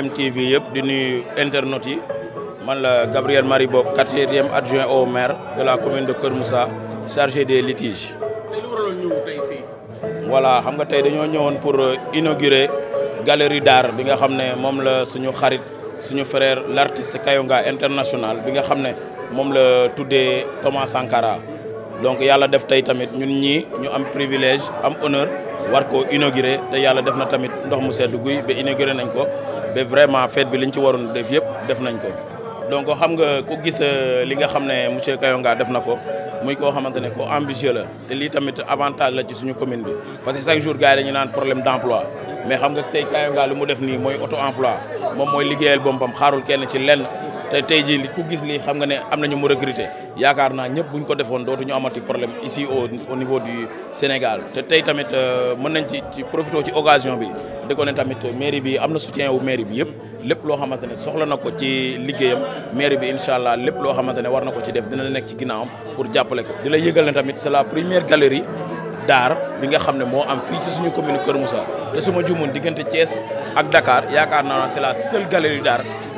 MTV yëpp di nuyu internautes yi man la Gabriel Marie Bob quatrième adjoint au maire de la commune de Kër Moussa chargé des litiges. voilà xam nga venus pour euh, inaugurer galerie d'art bi nga xam ne moom la suñu xarit suñu frère l'artiste Kayonga international bi nga xam ne la Thomas Sankara donc yàlla def tey tamit ñun ñii ñu am privilège am honneur war inaugurer te yàlla def na tamit ndox mu sedd guy ba inauguré nañ ko ba vraiment fête bi liñ ci warone def yépp def nañ ko. donc xam nga ku gis euh, li nga xamné monsieur Kayonga def nako muy ko xamante ko ambitieux la té li tamit avantage la ci suñu commune bi parce que chaque jour gars yi dañu naan problème d'emploi mais xam nga tey Kayonga lu mu def ni moy auto emploi mom moy liggéeyal boppam xarul kenn ci lenn te tey ku gis lii xam nga ne am nañu mu recruter yaakaar naa ñëpp buñ ko defoon ñu amati problème ici au au niveau du Sénégal te tey tamit euh, mën nañ ci ci profité ci occasion bi di ko ne tamit mairie bi am na soutien wu mairie bi yëpp lépp loo xamante ne soxla na ko ci liggéeyam mairie bi incha allah lépp loo xamante ne war na ko ci def dina nekk ci ginnaawam pour jàppale ko di la yëgal ne tamit c'est la première galerie daar bi nga xam ne moo am fii ci suñu commune Kër Moussa te suma ma juumoon diggante Thiès ak Dakar yaakaar naa c'est la seule galerie d'art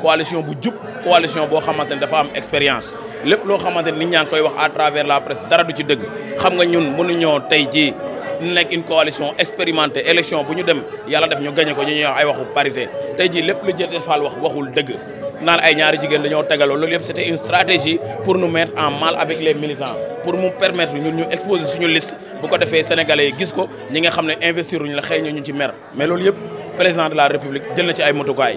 coalition bu djup coalition bo xamante dafa am expérience lepp lo xamante nit ñang koy wax à travers la presse dara du ci deug xam nga ñun ñoo tay ji nek une coalition expérimentée élection bu ñu dem yalla def ñu gagner ko ñu ñuy wax ay waxu parité tay ji lepp lu jëte fal wax waxul deug naan ay ñaari jigéen dañoo tegaloo lolu yëpp c'était une stratégie pour nous mettre en mal avec les militants pour mu permettre ñun ñu exposer suñu liste bu ko défé sénégalais yi gis ko ñi nga xamné ne investir uñu la xëy ñu ci mer mais lolu yëpp président de la république jël na ci ay motukaay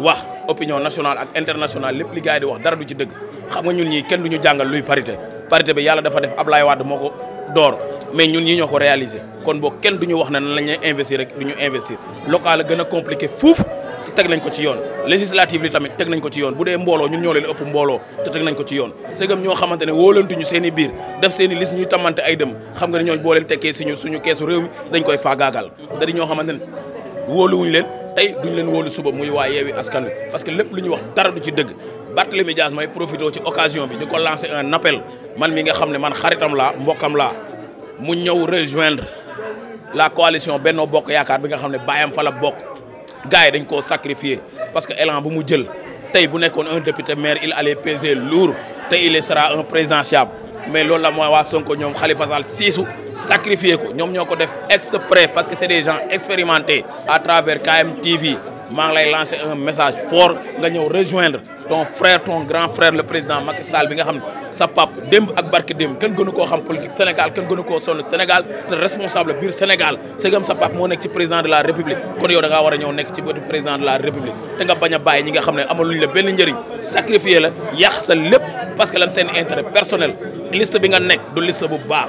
wax opinion nationale ak internationale lépp li gars yi di wax dara du ci dëgg xam nga ñun ñii kenn du ñu jàngal luy parité parité bi yàlla dafa def Ablaye Wade moo ko door mais ñun ñii ñoo ko réalisé kon boo kenn du ñu wax na nan la ñuy investir rek du ñu investir local a gën a compliqué fuuf teg nañ ko ci yoon législative li tamit teg nañ ko ci yoon bu dee mbooloo ñun ñoo leen ëpp mbooloo te teg nañ ko ci yoon segam ñoo xamante ne wóolantuñu seen seeni biir def seen i liste ñuy dem xam nga ne ñooñ boo leen tekkee suñu suñu keesu réew mi koy faagaagal da ñoo xamante ne wóoluwuñu leen tay duñ leen wolu suba muy wa yeewi askan parce que lepp luñu wax dara du ci deug Barthélémy Dias may profiter ci occasion bi diko lancer un appel man mi nga xamné man xaritam la mbokam la mu ñew rejoindre la coalition Benno Bokk Yaakaar bi nga xamné Bayam fa la bokk gaay dañ ko sacrifié parce que élan bu mu jël tay bu nekkoon un député maire il allait peser lourd tay il sera un présidentiable mais ce la mooy wa Sonko ñom Khalifa Sall sisu sacrifié ko ñom ñoko def exprès parce que c'est des gens expérimentés à travers KMTV TV lance lancer un message fort nga ñeu rejoindre ton frère ton grand frère le président Macky Sall bi nga xam ne sa pap démb ak barke démb kenn gënu koo xam politique Sénégal kenn gënu koo sonn Sénégal te responsable biir Sénégal segam sa pap moo nekk ci président de la République kon yow da ngaa war a ñëw nekk ci président de la République te nga bañ a bàyyi ñi nga xam ne amaluñ la benn sacrifier la yàq sa lépp parce que lan seen intérêt personnel liste bi nga nekk du liste bu baax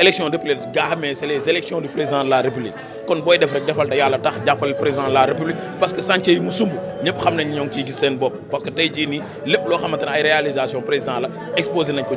élection de président c'est les élections du président de la république kon on def rek defal da yalla tax président de la république parce que Santé yi nous sumb xam nañ ñoo ngi parce que tey ni nii lépp réalisation président la exposé nañ ko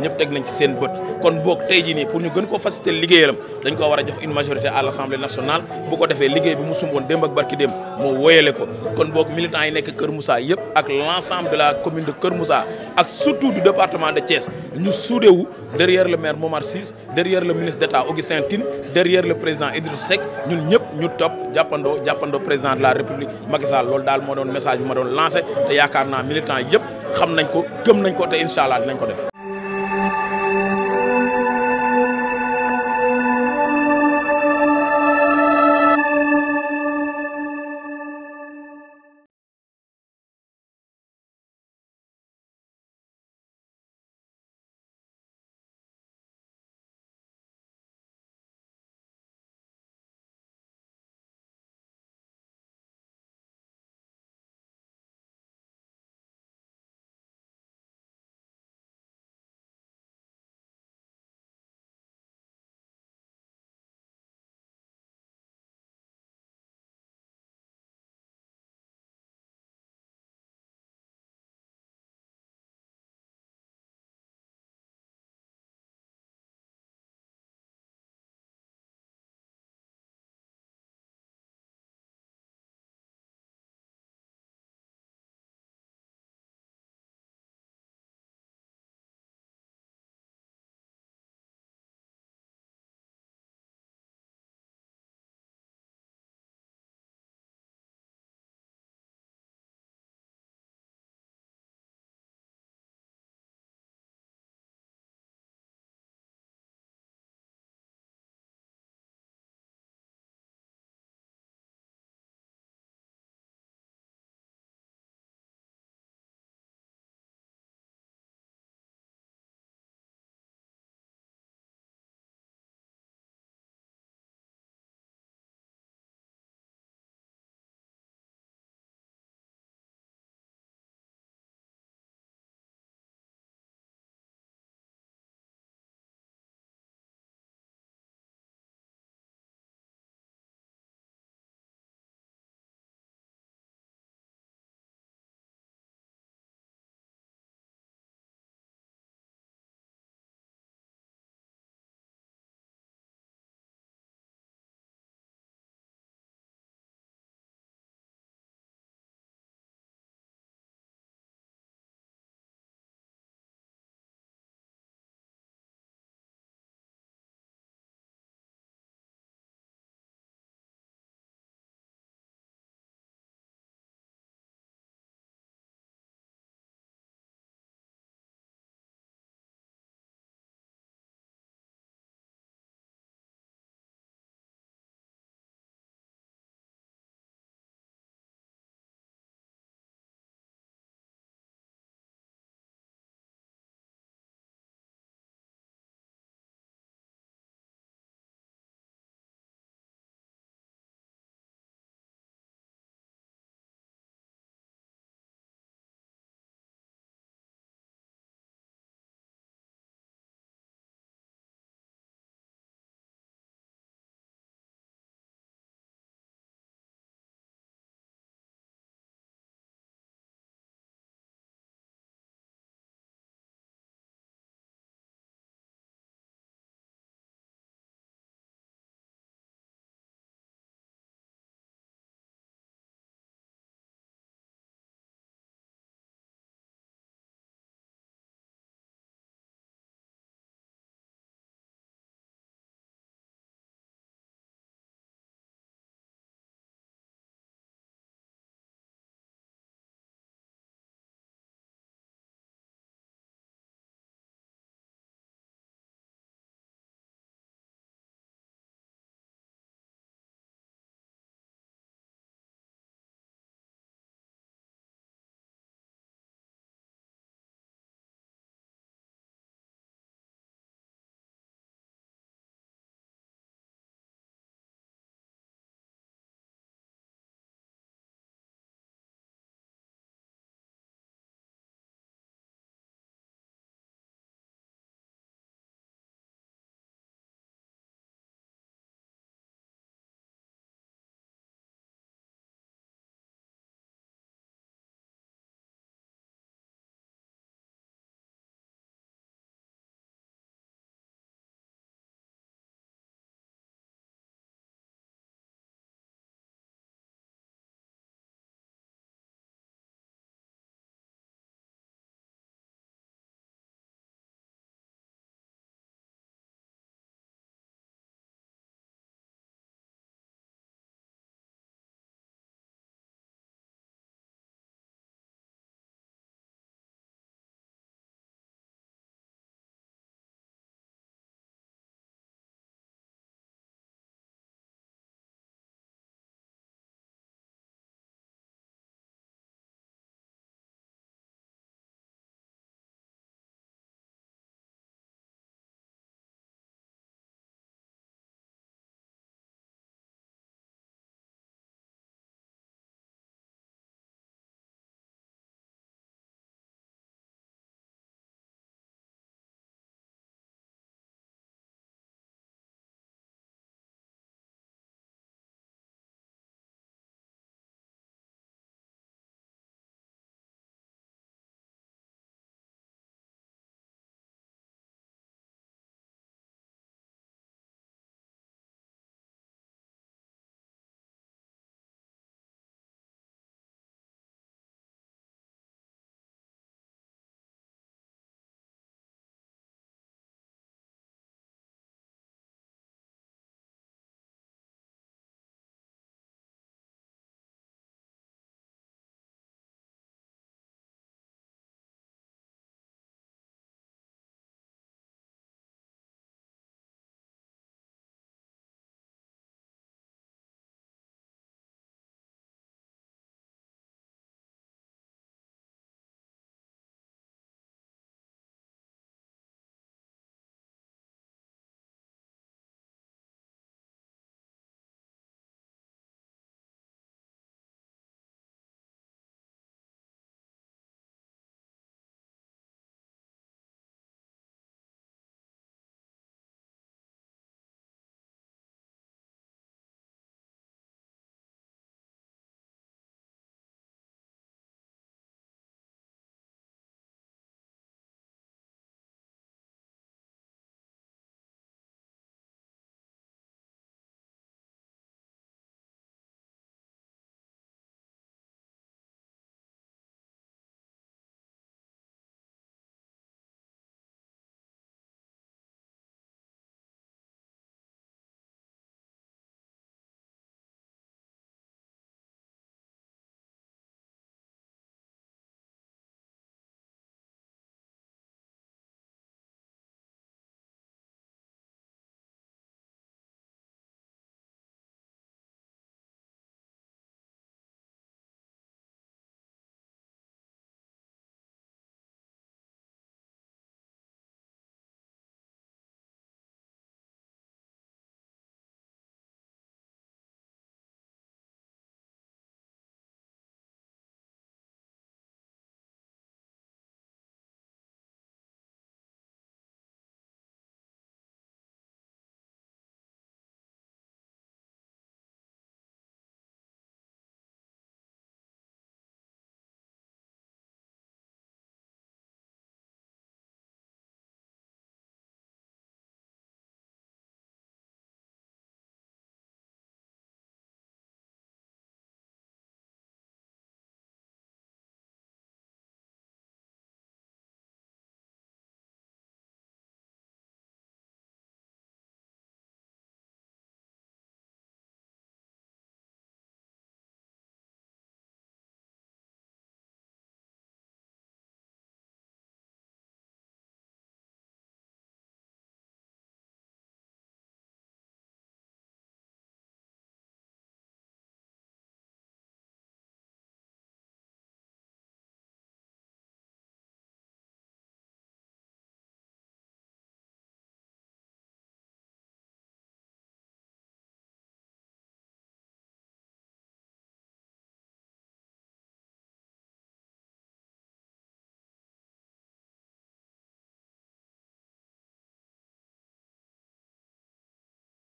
kon bok tey jii nii pour ñu gën ko faciliter liggéeyalam dañ ko wara jox une majorité à l'Assemblée nationale bu ko défé liggéey bi mu sumbon démb ak barki dem mo woyale ko kon bok militant yi nekk Keur Moussa yépp ak l'ensemble de la commune de Keur Moussa ak surtout du département de Thiès ñu soudé wu derrière le maire Momar Ciss derrière le ministre d'État Augustin Tine derrière le président Idriss Seck ñun ñëpp ñu top jappando jappando président de la république Macky Sall lool dal mo don message bi ma doon lancé te yakarna militant yépp xam nañ ko gëm nañ ko te inshallah allah dinañ ko def